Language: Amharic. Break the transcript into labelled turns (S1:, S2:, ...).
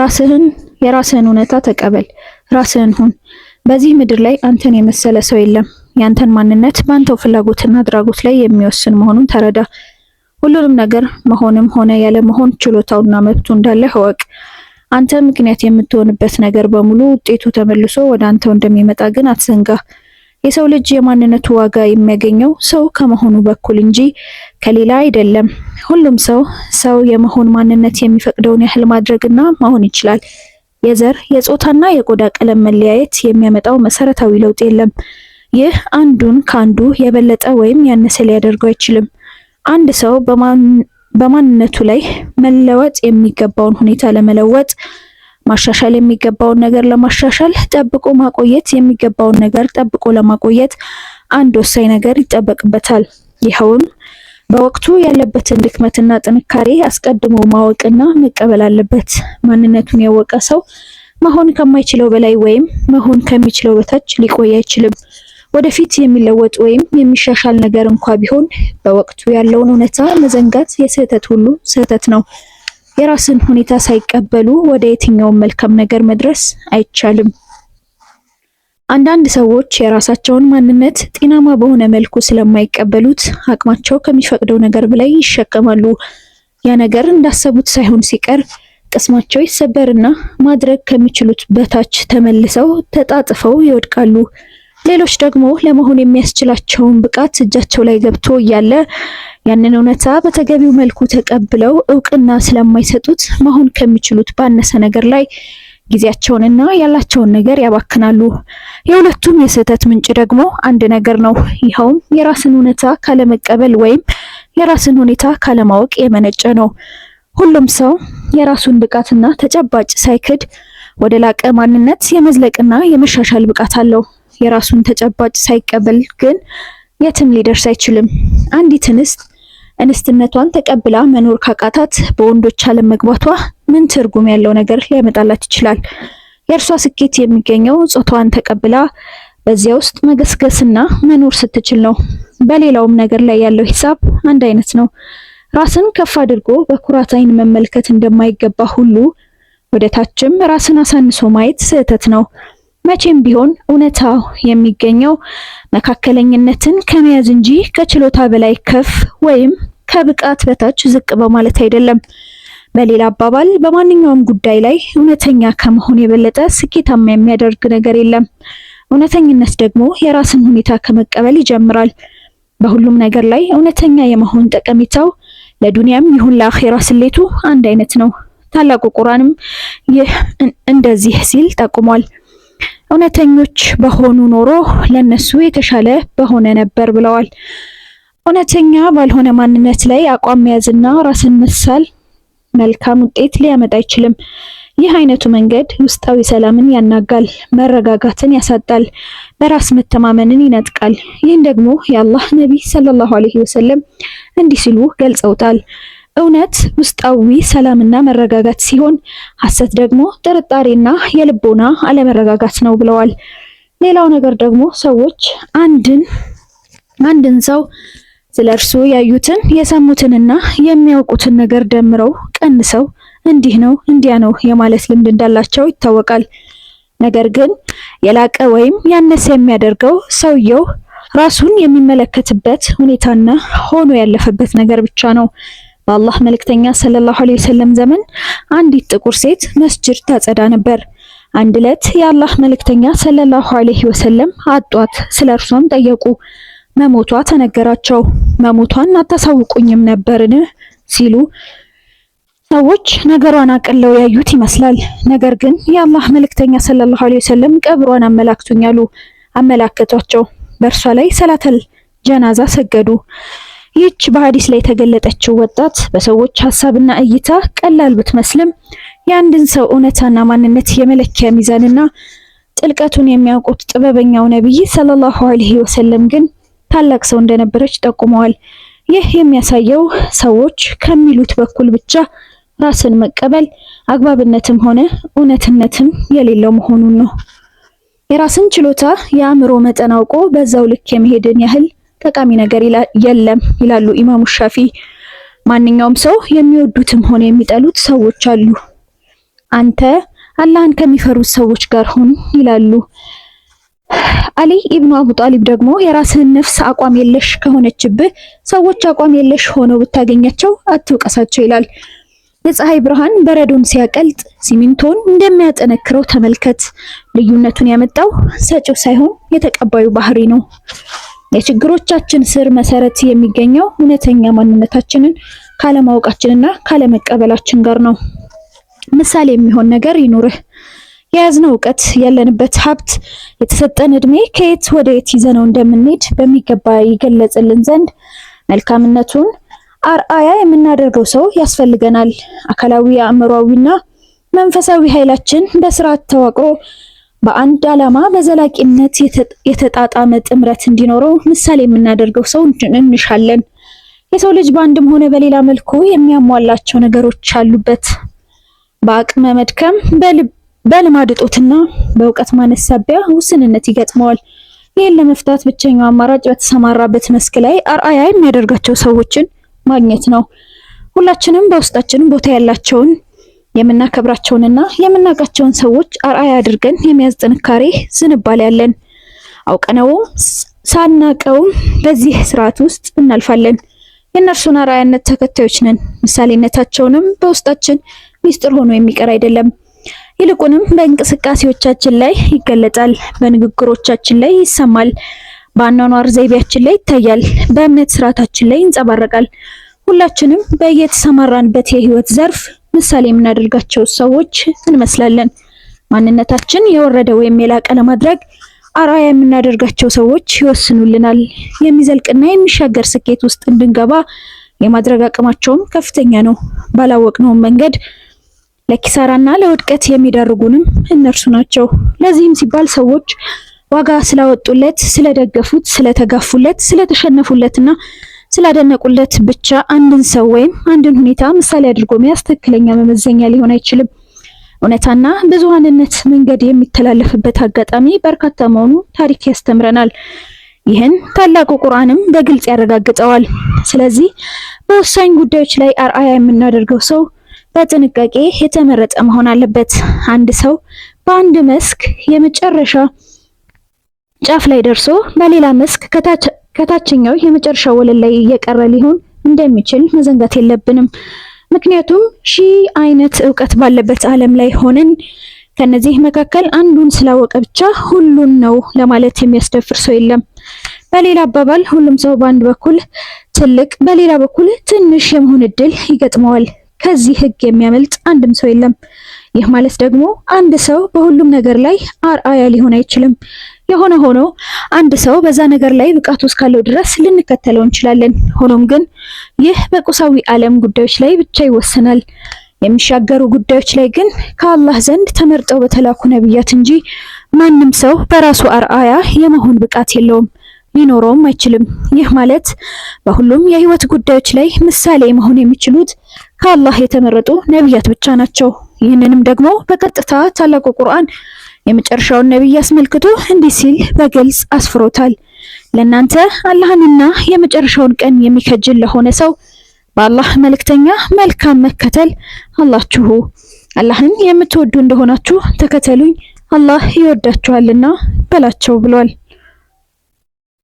S1: ራስህን የራስህን እውነታ ተቀበል፣ ራስህን ሁን። በዚህ ምድር ላይ አንተን የመሰለ ሰው የለም። ያንተን ማንነት በአንተው ፍላጎትና አድራጎት ላይ የሚወስን መሆኑን ተረዳ። ሁሉንም ነገር መሆንም ሆነ ያለ መሆን ችሎታውና መብቱ እንዳለ እወቅ። አንተ ምክንያት የምትሆንበት ነገር በሙሉ ውጤቱ ተመልሶ ወደ አንተው እንደሚመጣ ግን አትዘንጋ። የሰው ልጅ የማንነቱ ዋጋ የሚያገኘው ሰው ከመሆኑ በኩል እንጂ ከሌላ አይደለም። ሁሉም ሰው ሰው የመሆን ማንነት የሚፈቅደውን ያህል ማድረግና መሆን ይችላል። የዘር የጾታና የቆዳ ቀለም መለያየት የሚያመጣው መሰረታዊ ለውጥ የለም። ይህ አንዱን ከአንዱ የበለጠ ወይም ያነሰ ሊያደርገው አይችልም። አንድ ሰው በማንነቱ ላይ መለወጥ የሚገባውን ሁኔታ ለመለወጥ ማሻሻል የሚገባውን ነገር ለማሻሻል፣ ጠብቆ ማቆየት የሚገባውን ነገር ጠብቆ ለማቆየት አንድ ወሳኝ ነገር ይጠበቅበታል። ይኸውም በወቅቱ ያለበትን ድክመትና ጥንካሬ አስቀድሞ ማወቅና መቀበል አለበት። ማንነቱን ያወቀ ሰው መሆን ከማይችለው በላይ ወይም መሆን ከሚችለው በታች ሊቆይ አይችልም። ወደፊት የሚለወጥ ወይም የሚሻሻል ነገር እንኳ ቢሆን በወቅቱ ያለውን እውነታ መዘንጋት የስህተት ሁሉ ስህተት ነው። የራስን ሁኔታ ሳይቀበሉ ወደ የትኛውም መልካም ነገር መድረስ አይቻልም። አንዳንድ ሰዎች የራሳቸውን ማንነት ጤናማ በሆነ መልኩ ስለማይቀበሉት አቅማቸው ከሚፈቅደው ነገር በላይ ይሸከማሉ። ያ ነገር እንዳሰቡት ሳይሆን ሲቀር ቅስማቸው ይሰበርና ማድረግ ከሚችሉት በታች ተመልሰው ተጣጥፈው ይወድቃሉ። ሌሎች ደግሞ ለመሆን የሚያስችላቸውን ብቃት እጃቸው ላይ ገብቶ እያለ ያንን እውነታ በተገቢው መልኩ ተቀብለው እውቅና ስለማይሰጡት መሆን ከሚችሉት ባነሰ ነገር ላይ ጊዜያቸውንና ያላቸውን ነገር ያባክናሉ። የሁለቱም የስህተት ምንጭ ደግሞ አንድ ነገር ነው። ይኸውም የራስን እውነታ ካለመቀበል ወይም የራስን ሁኔታ ካለማወቅ የመነጨ ነው። ሁሉም ሰው የራሱን ብቃትና ተጨባጭ ሳይክድ ወደ ላቀ ማንነት የመዝለቅና የመሻሻል ብቃት አለው። የራሱን ተጨባጭ ሳይቀበል ግን የትም ሊደርስ አይችልም። አንዲት እንስት እንስትነቷን ተቀብላ መኖር ካቃታት በወንዶች ዓለም መግባቷ ምን ትርጉም ያለው ነገር ሊያመጣላት ይችላል? የእርሷ ስኬት የሚገኘው ጾታዋን ተቀብላ በዚያ ውስጥ መገስገስና መኖር ስትችል ነው። በሌላውም ነገር ላይ ያለው ሂሳብ አንድ አይነት ነው። ራስን ከፍ አድርጎ በኩራት አይን መመልከት እንደማይገባ ሁሉ ወደ ታችም ራስን አሳንሶ ማየት ስህተት ነው። መቼም ቢሆን እውነታው የሚገኘው መካከለኝነትን ከመያዝ እንጂ ከችሎታ በላይ ከፍ ወይም ከብቃት በታች ዝቅ በማለት አይደለም። በሌላ አባባል በማንኛውም ጉዳይ ላይ እውነተኛ ከመሆን የበለጠ ስኬታማ የሚያደርግ ነገር የለም። እውነተኝነት ደግሞ የራስን ሁኔታ ከመቀበል ይጀምራል። በሁሉም ነገር ላይ እውነተኛ የመሆን ጠቀሜታው ለዱንያም ይሁን ለአኼራ ስሌቱ አንድ አይነት ነው። ታላቁ ቁርአንም ይህ እንደዚህ ሲል ጠቁሟል። እውነተኞች በሆኑ ኖሮ ለነሱ የተሻለ በሆነ ነበር ብለዋል። እውነተኛ ባልሆነ ማንነት ላይ አቋም መያዝና ራስን መሳል መልካም ውጤት ሊያመጣ አይችልም። ይህ አይነቱ መንገድ ውስጣዊ ሰላምን ያናጋል፣ መረጋጋትን ያሳጣል፣ በራስ መተማመንን ይነጥቃል። ይህን ደግሞ የአላህ ነቢይ ሰለላሁ ዐለይሂ ወሰለም እንዲህ ሲሉ ገልጸውታል። እውነት ውስጣዊ ሰላምና መረጋጋት ሲሆን ሐሰት ደግሞ ጥርጣሬና የልቦና አለመረጋጋት ነው ብለዋል። ሌላው ነገር ደግሞ ሰዎች አንድን አንድን ሰው ስለ እርሱ ያዩትን የሰሙትንና የሚያውቁትን ነገር ደምረው ቀንሰው እንዲህ ነው እንዲያ ነው የማለት ልምድ እንዳላቸው ይታወቃል። ነገር ግን የላቀ ወይም ያነሰ የሚያደርገው ሰውየው ራሱን የሚመለከትበት ሁኔታና ሆኖ ያለፈበት ነገር ብቻ ነው። በአላህ መልእክተኛ ሰለላሁ ዐለይሂ ወሰለም ዘመን አንዲት ጥቁር ሴት መስጅድ ታጸዳ ነበር። አንድ ዕለት የአላህ መልእክተኛ ሰለላሁ ዐለይሂ ወሰለም አጧት። ስለ እርሷም ጠየቁ። መሞቷ ተነገራቸው። መሞቷን አታሳውቁኝም ነበርን ሲሉ ሰዎች ነገሯን አቅለው ያዩት ይመስላል። ነገር ግን የአላህ መልእክተኛ ሰለላሁ ዐለይሂ ወሰለም ቀብሯን አመላክቱኝ አሉ። አመላከቷቸው። በእርሷ ላይ ሰላተል ጀናዛ ሰገዱ። ይህች በሐዲስ ላይ የተገለጠችው ወጣት በሰዎች ሀሳብና እይታ ቀላል ብትመስልም የአንድን ሰው እውነታና ማንነት የመለኪያ ሚዛንና ጥልቀቱን የሚያውቁት ጥበበኛው ነቢይ ሰለላሁ ዐለይሂ ወሰለም ግን ታላቅ ሰው እንደነበረች ጠቁመዋል። ይህ የሚያሳየው ሰዎች ከሚሉት በኩል ብቻ ራስን መቀበል አግባብነትም ሆነ እውነትነትም የሌለው መሆኑን ነው። የራስን ችሎታ፣ የአእምሮ መጠን አውቆ በዛው ልክ የመሄድን ያህል ጠቃሚ ነገር የለም ይላሉ ኢማሙ ሻፊ። ማንኛውም ሰው የሚወዱትም ሆነ የሚጠሉት ሰዎች አሉ። አንተ አላህን ከሚፈሩት ሰዎች ጋር ሁን ይላሉ። አሊ ኢብኑ አቡ ጣሊብ ደግሞ የራስህን ነፍስ አቋም የለሽ ከሆነችብህ ሰዎች አቋም የለሽ ሆነው ብታገኛቸው አትውቀሳቸው ይላል። የፀሐይ ብርሃን በረዶን ሲያቀልጥ ሲሚንቶን እንደሚያጠነክረው ተመልከት። ልዩነቱን ያመጣው ሰጪው ሳይሆን የተቀባዩ ባህሪ ነው። የችግሮቻችን ስር መሰረት የሚገኘው እውነተኛ ማንነታችንን ካለማወቃችንና ካለመቀበላችን ጋር ነው። ምሳሌ የሚሆን ነገር ይኑርህ። የያዝነው እውቀት፣ ያለንበት ሀብት፣ የተሰጠን እድሜ ከየት ወደ የት ይዘነው እንደምንሄድ በሚገባ ይገለጽልን ዘንድ መልካምነቱን አርአያ የምናደርገው ሰው ያስፈልገናል። አካላዊ አእምሯዊና መንፈሳዊ ኃይላችን በስርዓት ተዋቅሮ በአንድ ዓላማ በዘላቂነት የተጣጣመ ጥምረት እንዲኖረው ምሳሌ የምናደርገው ሰው እንሻለን። የሰው ልጅ በአንድም ሆነ በሌላ መልኩ የሚያሟላቸው ነገሮች አሉበት። በአቅመ መድከም፣ በልማድ እጦትና በእውቀት ማነስ ሳቢያ ውስንነት ይገጥመዋል። ይህን ለመፍታት ብቸኛው አማራጭ በተሰማራበት መስክ ላይ አርአያ የሚያደርጋቸው ሰዎችን ማግኘት ነው። ሁላችንም በውስጣችን ቦታ ያላቸውን የምናከብራቸውንና የምናውቃቸውን ሰዎች አርአያ አድርገን የመያዝ ጥንካሬ ዝንባሌ ያለን አውቀነውም ሳናቀውም በዚህ ስርዓት ውስጥ እናልፋለን። የእነርሱን አርአያነት ተከታዮች ነን። ምሳሌነታቸውንም በውስጣችን ሚስጥር ሆኖ የሚቀር አይደለም። ይልቁንም በእንቅስቃሴዎቻችን ላይ ይገለጣል፣ በንግግሮቻችን ላይ ይሰማል፣ በአኗኗር ዘይቤያችን ላይ ይታያል፣ በእምነት ስርዓታችን ላይ ይንጸባረቃል። ሁላችንም በየተሰማራንበት የህይወት ዘርፍ ምሳሌ የምናደርጋቸው ሰዎች እንመስላለን። ማንነታችን የወረደ ወይም የላቀ ለማድረግ አርአያ የምናደርጋቸው ሰዎች ይወስኑልናል። የሚዘልቅና የሚሻገር ስኬት ውስጥ እንድንገባ የማድረግ አቅማቸውም ከፍተኛ ነው። ባላወቅነውም መንገድ ለኪሳራና ለውድቀት የሚደርጉንም እነርሱ ናቸው። ለዚህም ሲባል ሰዎች ዋጋ ስላወጡለት፣ ስለደገፉት፣ ስለተጋፉለት፣ ስለተሸነፉለትና ስላደነቁለት ብቻ አንድን ሰው ወይም አንድን ሁኔታ ምሳሌ አድርጎ መያዝ ትክክለኛ መመዘኛ ሊሆን አይችልም። እውነታና ብዙሃንነት መንገድ የሚተላለፍበት አጋጣሚ በርካታ መሆኑ ታሪክ ያስተምረናል። ይህን ታላቁ ቁርአንም በግልጽ ያረጋግጠዋል። ስለዚህ በወሳኝ ጉዳዮች ላይ አርአያ የምናደርገው ሰው በጥንቃቄ የተመረጠ መሆን አለበት። አንድ ሰው በአንድ መስክ የመጨረሻ ጫፍ ላይ ደርሶ በሌላ መስክ ከታች ከታችኛው የመጨረሻ ወለል ላይ እየቀረ ሊሆን እንደሚችል መዘንጋት የለብንም። ምክንያቱም ሺህ አይነት እውቀት ባለበት ዓለም ላይ ሆነን ከነዚህ መካከል አንዱን ስላወቀ ብቻ ሁሉን ነው ለማለት የሚያስደፍር ሰው የለም። በሌላ አባባል ሁሉም ሰው በአንድ በኩል ትልቅ፣ በሌላ በኩል ትንሽ የመሆን እድል ይገጥመዋል። ከዚህ ህግ የሚያመልጥ አንድም ሰው የለም። ይህ ማለት ደግሞ አንድ ሰው በሁሉም ነገር ላይ አርአያ ሊሆን አይችልም። የሆነ ሆኖ አንድ ሰው በዛ ነገር ላይ ብቃቱ እስካለው ድረስ ልንከተለው እንችላለን። ሆኖም ግን ይህ በቁሳዊ ዓለም ጉዳዮች ላይ ብቻ ይወሰናል። የሚሻገሩ ጉዳዮች ላይ ግን ከአላህ ዘንድ ተመርጠው በተላኩ ነቢያት እንጂ ማንም ሰው በራሱ አርአያ የመሆን ብቃት የለውም፣ ሊኖረውም አይችልም። ይህ ማለት በሁሉም የህይወት ጉዳዮች ላይ ምሳሌ መሆን የሚችሉት ከአላህ የተመረጡ ነቢያት ብቻ ናቸው። ይህንንም ደግሞ በቀጥታ ታላቁ ቁርአን የመጨረሻውን ነቢይ አስመልክቶ እንዲህ ሲል በግልጽ አስፍሮታል። ለእናንተ አላህንና የመጨረሻውን ቀን የሚከጅል ለሆነ ሰው በአላህ መልእክተኛ መልካም መከተል አላችሁ። አላህን የምትወዱ እንደሆናችሁ ተከተሉኝ፣ አላህ ይወዳችኋልና በላቸው ብሏል።